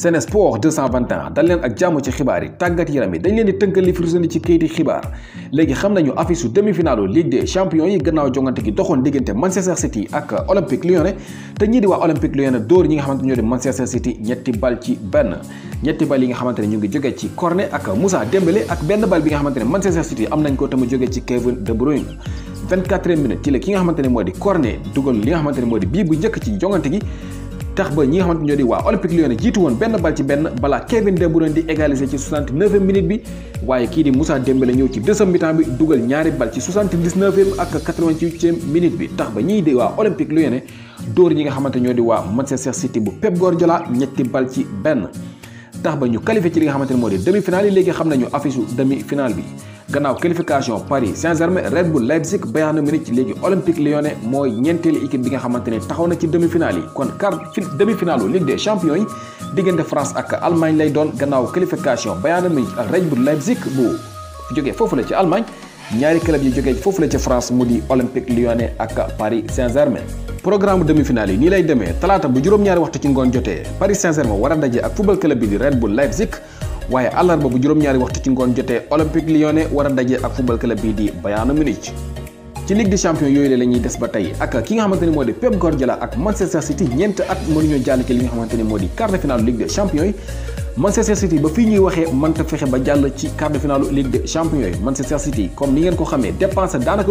Sen Sport 221 dal leen ak jàmm ci xibaar yi tàggat yaram yi dañ leen di tënkal li firusani ci kayiti xibaar léegi xam nañu affiche demi-finalu Ligue des champions yi gannaaw jongante gi doxoon diggante Manchester City ak Olympique Lyonnais te ñii di waa Olympique Lyonnais dóor ñi nga xamante ñoo di Manchester City ñetti bal ci benn ñetti bal yi nga xamante ne ñu ngi jógee ci Cornet ak Moussa Dembélé ak benn bal bi nga xamante ne Manchester City am nañ ko te mu jógee ci Kevin De Bruyne 24e minute nga xamante ne moo di Cornet dugal li nga moo di bii bu njëkk tax ba ñi nga xamante ñoo di waa Olympique Lyonnais jiitu woon benn bal ci benn balaa Kevin De Bruyne di égaliser ci 69 bi waaye kii di Moussa Dembélé ñëw ci deuxième bi dugal ñaari bal ci 79 bi tax ba ñii di waa Olympique Lyonnais dóor ñi nga xamante ñoo di waa Manchester City bu Pep Guardiola ñetti bal ci benn tax ba ñu qualifié ci li nga xamante ne moo di demi-finale yi léegi xam nañu affiche demi-finale bi gannaaw qualification Paris Saint-Germain Red Bull Leipzig Bayern Munich léegi Olympique Lyonnais mooy ñeenteelu équipe bi nga xamante ne taxaw na ci demi-finale yi kon quart demi-finale Ligue des champions yi diggante France ak Allemagne lay doon gannaaw qualification Bayern Munich ak Red Bull Leipzig bu jógee foofu la ci Allemagne ñaari club yi jógee foofu la ci France mu di Olympique Lyonnais ak Paris Saint-Germain. programme demi-finale yi nii lay demee talaata bu juróom-ñaari waxtu ci ngoon jotee Paris saint a daje ak football waaye àllarba bu juróom-ñaari waxtu ci ngoon jotee Olympique Lyonnais war a daje ak football club bii di Bayern Munich ci ligue des champions yooyu la ñuy des ba tey ak ki nga xamante ne moo di Pep Guardiola ak Manchester City ñeent at mënuñoo jàll ci li nga xamante ne moo di quart de finale ligue des champions yi Manchester City ba fii ñuy waxee mënta fexe ba jàll ci quart de finale Ligue des Champions Manchester City comme ni ngeen ko xamee dépensé daanaka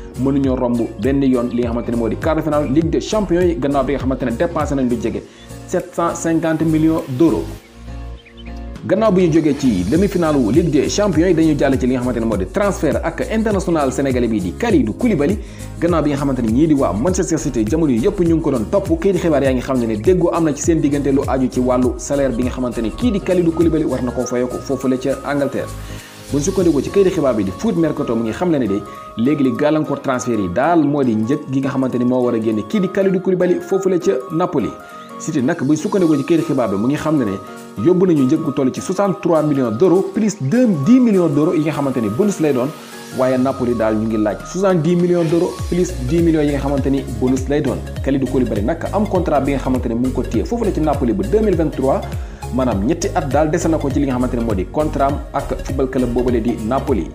mënuñoo romb benn yoon li nga xamante ne moo di quart de finale Ligue des champions yi gannaaw bi nga xamante ne dépensé nañ jege 750 millions gannaaw bi ñu jógee ci demi-finale wu Ligue des champions yi dañu jàll ci li nga xamante moo di transfert ak international sénégalais bii di Kalidou Koulibaly gannaaw bi nga xamante ne ñii di waa Manchester City jamono yi yëpp ñu ngi ko doon topp kii di xibaar yaa ngi xam ne ne déggoo am na ci seen diggante lu kii di Kalidou Koulibaly war na koo bu ñu sukkandikoo ci këyit xibaar bi di foot Mercato mu ngi xam le ne de léegi li gàllankoor transfert yi daal moo di njëg gi nga xamante ni moo war a génne kii di kalidu kulibali foofu la ca Napoli City nak bu ñu sukkandikoo ci këyit xibaar bi mu ngi xam ne ne yóbbu nañu njëg gu toll ci 63 millions d'euro plus 10 millions d'euro yi nga xamante ni bonus lay doon waaye Napoli daal ñu ngi laaj 70 millions d'euro plus 10 millions yi nga xamante ni bonus lay doon kalidu kulibali nak am contrat bi nga xamante ne mu ngi ko téye foofu la ci Napoli ba 2023 maanaam ñetti at daal dese na ko ci li nga xamante ne moo di contrat am ak football club boobale di Napoli.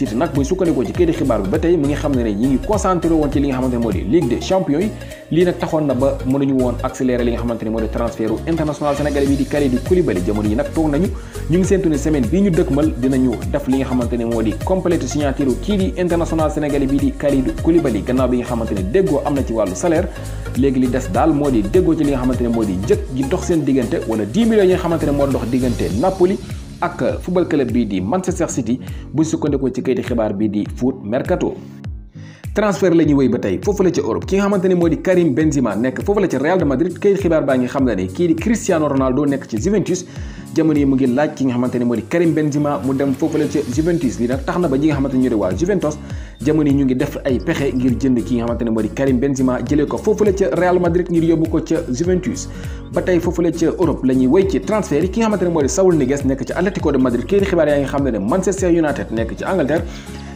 City nag buñ sukkandikoo ci këyiti xibar bi ba tey mu ngi xam ne ñi ngi concentré won ci li nga xamante moy moo Ligue des Champions li nak taxone na ba mënu ñu won accélérer li nga xamante moy moo transfert international sénégalais bi di Kalidou Koulibaly jamono yi nak tok nañu ñu ngi sentu ne semaine bi ñu dëkkmal dinañu def li nga xamante moy di complète signature ki di international sénégalais bi di Kalidou Koulibaly gannaaw bi nga xamante déggo amna ci walu salaire légui li dess dal moo di déggoo ci li nga xamante moy di jëk gi dox seen digënté wala 10 millions yi nga xamante moy dox digënté Napoli ak football club bi di Manchester City bu sukkandikoo ci kayiti xibaar bii di Foot Mercato. transfert la ñuy wéy ba tey foofu la ca moo di Karim Benzema nekk foofu la ca Real de Madrid ci Juventus yi ki nga xamante ne moo di Karim Benzema mu ca Juventus li Madrid ngir di xibaar yaa ngi xam ne Manchester United nekk ci Angleterre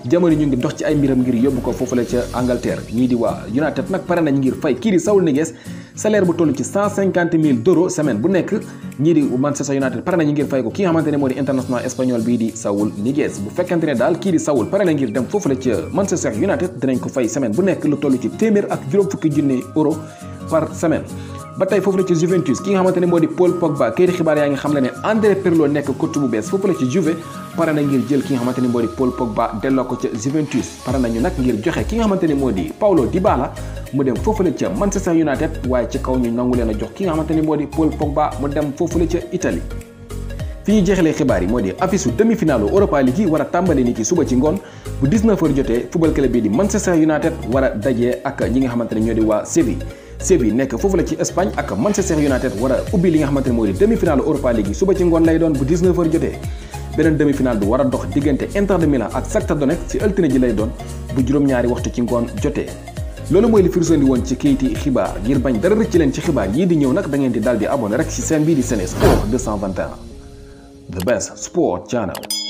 jamono ñu ngi dox ci ay mbiram ngir yóbbu ko foofule ca Angleterre ñii di waa United nag pare nañ ngir fay kii di Saúl Ñíguez salaire bu toll ci cent cinquante mille d'euros semaine bu nekk ñii di Manchester United pare nañu ngir fay ko ki nga xamante ne moo di international espagnol bii di Saúl Ñíguez bu fekkante ne daal kii di Saúl pare na ngir dem foofule ca Manchester United dinañ ko fay semaine bu nekk lu toll ci téeméer ak juróom fukki junni euro par semaine ba tey foofu la ci Juventus ki nga xamante ne moo di Paul Pogba këyit xibaar yaa ngi xam le ne André Pirlo nekk coach bu bees foofu la ci Juve pare na ngir jël ki nga xamante ne moo di Paul Pogba delloo ko ca Juventus pare nañu nag ngir joxe ki nga xamante moo di waaye ci kaw ñu nangu leen a jox ki nga xamante ne moo di Paul Pogba mu dem foofule ca Italie fi ñu jeexalee xibaar yi moo di afisu demi-finalu Europa League yi a tàmbali ni ki suba ci ngoon bu 19h jotee football club bi di Manchester United war a dajee ak ñi nga xamante ne ñoo di waa Séville Séville nekk foofu la ci Espagne ak Manchester United war a ubbi li nga xamante ne moo di demi-finale Europa League yi suba ci ngoon lay doon bu 19h jotee beneen demi-finale bi war a dox diggante Inter de Milan ak Shakhtar Donetsk ci altine ji lay doon bu juróom-ñaari waxtu ci ngoon jotee loolu mooy li firsondi woon ci kayiti xibaar ngir bañ dara rëcc leen ci xibaar yii di ñëw nag da ngeen di daal di abonné rek ci seen bii di Sen Sport the best sport